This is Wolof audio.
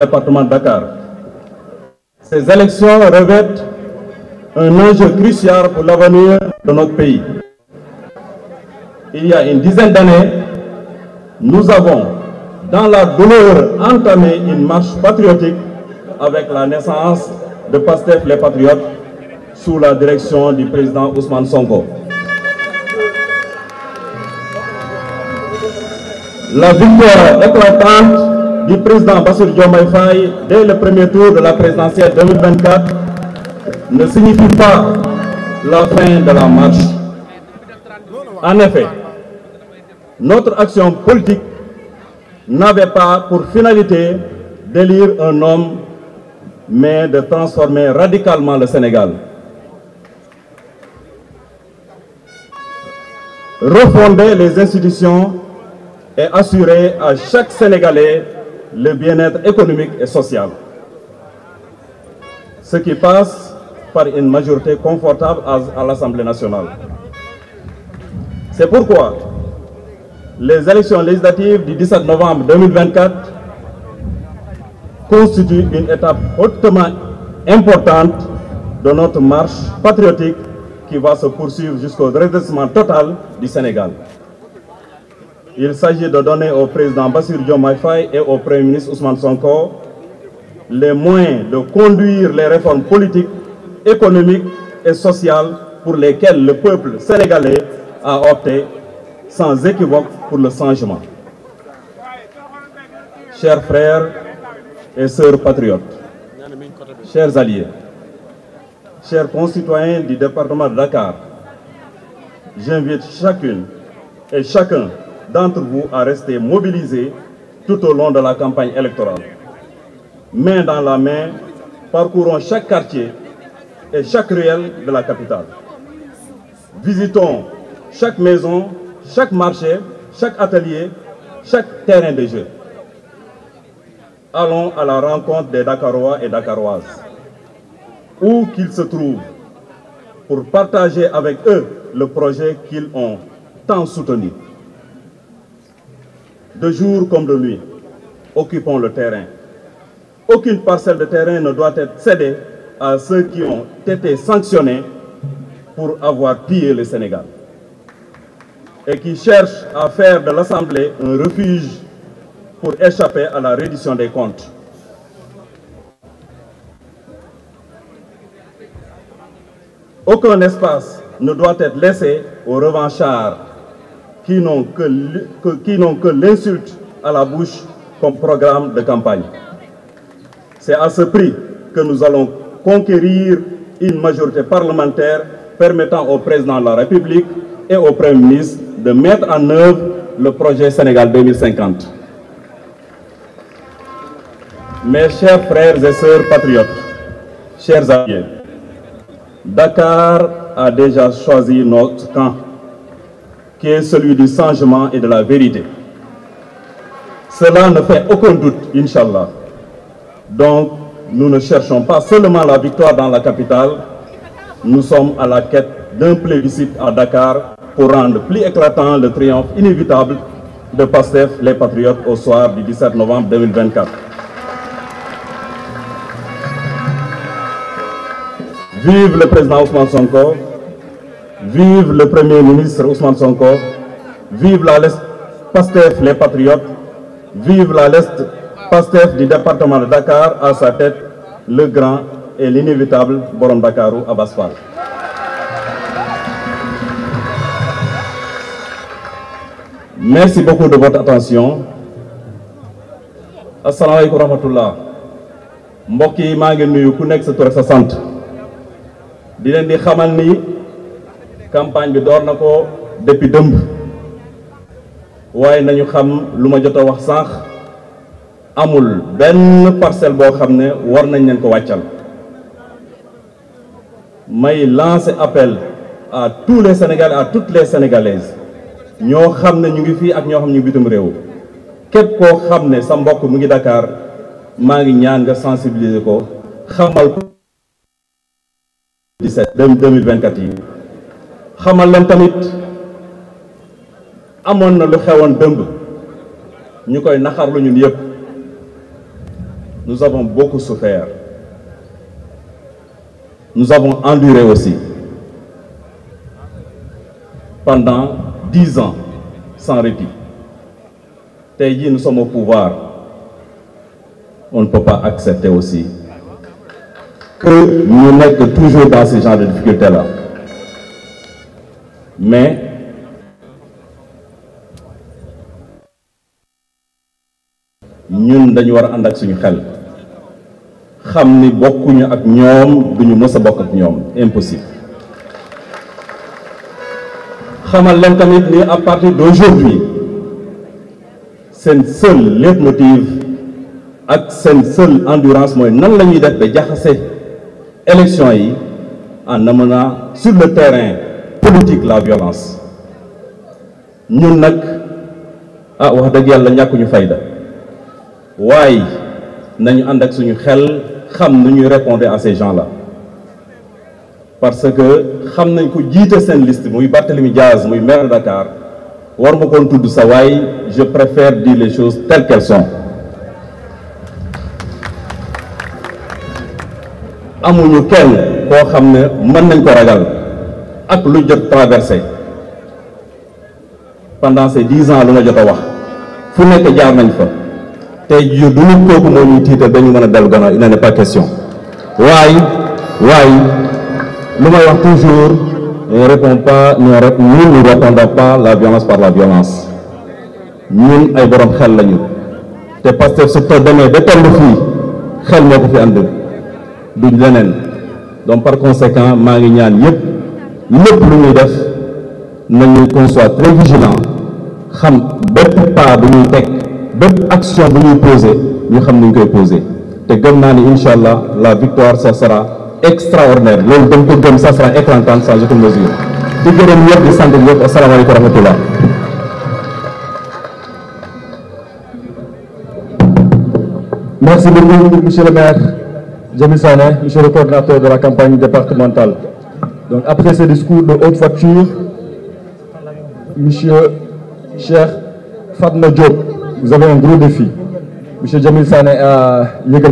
département de Dakar. Ces élections revêtent un enjeu crucial pour l'avenir de notre pays. Il y a une dizaine d'années, nous avons, dans la douleur, entamé une marche patriotique avec la naissance de PASTEF les sous la direction du président Ousmane Sonko. La victoire éclatante du président Bassirou Diomaye Faye dès le premier tour de la présidentielle 2024 ne signifie pas la fin de la marche. En effet, notre action politique n'avait pas pour finalité d'élire un homme, mais de transformer radicalement le Sénégal. Refonder les institutions et assurer à chaque Sénégalais le bien-être économique et social. Ce qui passe par une majorité confortable à, à l'Assemblée nationale. C'est pourquoi les élections législatives du 17 novembre 2024 constituent une étape hautement importante de notre marche patriotique qui va se poursuivre jusqu'au redressement total du Sénégal. il s'agit de donner au président Bassir Diomaye et au Premier ministre Ousmane Sonko les moyens de conduire les réformes politiques, économiques et sociales pour lesquelles le peuple sénégalais a opté sans équivoque pour le changement. Chers frères et sœurs patriotes, chers alliés, chers concitoyens du département de Dakar, j'invite chacune et chacun d'entre vous à rester mobilisés tout au long de la campagne électorale. mais dans la main, parcourons chaque quartier et chaque ruelle de la capitale. Visitons chaque maison, chaque marché, chaque atelier, chaque terrain de jeu. Allons à la rencontre des Dakarois et Dakaroises, ou qu'ils se trouvent, pour partager avec eux le projet qu'ils ont tant soutenu. de jours comme de nuit. Occupons le terrain. Aucune parcelle de terrain ne doit être cédée à ceux qui ont été sanctionnés pour avoir pillé le Sénégal et qui cherchent à faire de l'Assemblée un refuge pour échapper à la reddition des comptes. Aucun espace ne doit être laissé aux revanchards qui n'ont que, que l'insulte à la bouche comme programme de campagne. C'est à ce prix que nous allons conquérir une majorité parlementaire permettant au président de la République et au Premier ministre de mettre en œuvre le projet Sénégal 2050. Mes chers frères et sœurs patriotes, chers alliés, Dakar a déjà choisi notre camp qui est celui du et de la vérité. Cela ne fait aucun doute, Inch'Allah. Donc, nous ne cherchons pas seulement la dans la capitale, nous sommes à la quête d'un plébiscite à Dakar pour rendre plus éclatant le triomphe inévitable de PASTEF, les Patriotes, au soir du 17 novembre 2024. Vive le président Vive le Premier ministre Ousmane Sonko. Vive la liste PASTEF les patriotes. Vive la liste PASTEF du département de Dakar à sa tête le grand et l'inévitable Borom Dakarou Abass Fall. Merci beaucoup de votre mbokk yi maa ngi ku nekk sa tur sa sant di di xamal ni campagne bi door na ko depuis dëmb waaye nañu xam lu ma jot a wax sànq amul benn parcelle boo xam ne war nañ leen ko wàccal may lancer appel à tous les Sénégalais à tout les Sénégalaises ñoo xam ne ñu ngi fii ak ñoo xam ne ñu bitum réew képp koo xam ne sa mbokk mu ngi Dakar maa ngi ñaan nga sensibiliser ko xamal ko 17 2024 yi xamal leen tamit amoon na lu xewoon dëmb ñu koy naxarlu ñun yëpp nous avons beaucoup souffert nous avons enduré aussi pendant dix ans sans répit tey jii nous sommes au pouvoir on ne peut pas accepter aussi que ñu nekk toujours dans ce genre de difficulté là mais ñun dañu war a ànd ak suñu xel xam ni bokkuñu ak ñoom duñu mës a bokk ak ñoom impossible xamal leen tamit ni à partir d'aujourd'hui seen seul leitmotiv ak seen seul endurance mooy nan la ñuy def ba jaxase élection yi na amenant sur le terrain politique la violence ñun nag ah wax dëgg yàlla ñàkkuñu fayda waaye nañu ànd ak suñu xel xam nu ñuy répondre à ces gens-là parce que xam nañ ko jiite seen liste muy Barthélemy Diaz muy maire de war ma koon tudd sa waay je préfère dire les chose telles qu'elles sont amuñu kenn koo xam ne mën nañ ko ragal ak lu jot traversé pendant ces dix ans lu ma jot a wax fu nekk jaar nañ fa te jii du nit kooku moo ñuy tiital ba ñu mën a dellu gannaaw il lu may wax toujours ne répond pas ne ñun la violence par la violence ñun ay borom xel lañu te Pastef su ko demee ba toll fii xel moo ko fi ànd du leneen donc par conséquent maa ngi ñaan yëpp. lépp lu ñuy def nañu qu'on très vigilant xam bépp pas bu ñuy teg bépp action bu ñuy poser ñu xam ni ñu koy poser te gën naa ni incha allah la victoire ça sera extraordinaire loolu dama ko gëm ça sera éclatante sans aucune mesure di gërëm ñëpp di sant ñëpp asalaamaaleykum wa rahmatullah merci beaucoup monsieur Donc après ce discours de haute facture, monsieur Cheikh Fatma Diop, vous avez un gros défi. Monsieur Jamil Sané euh, a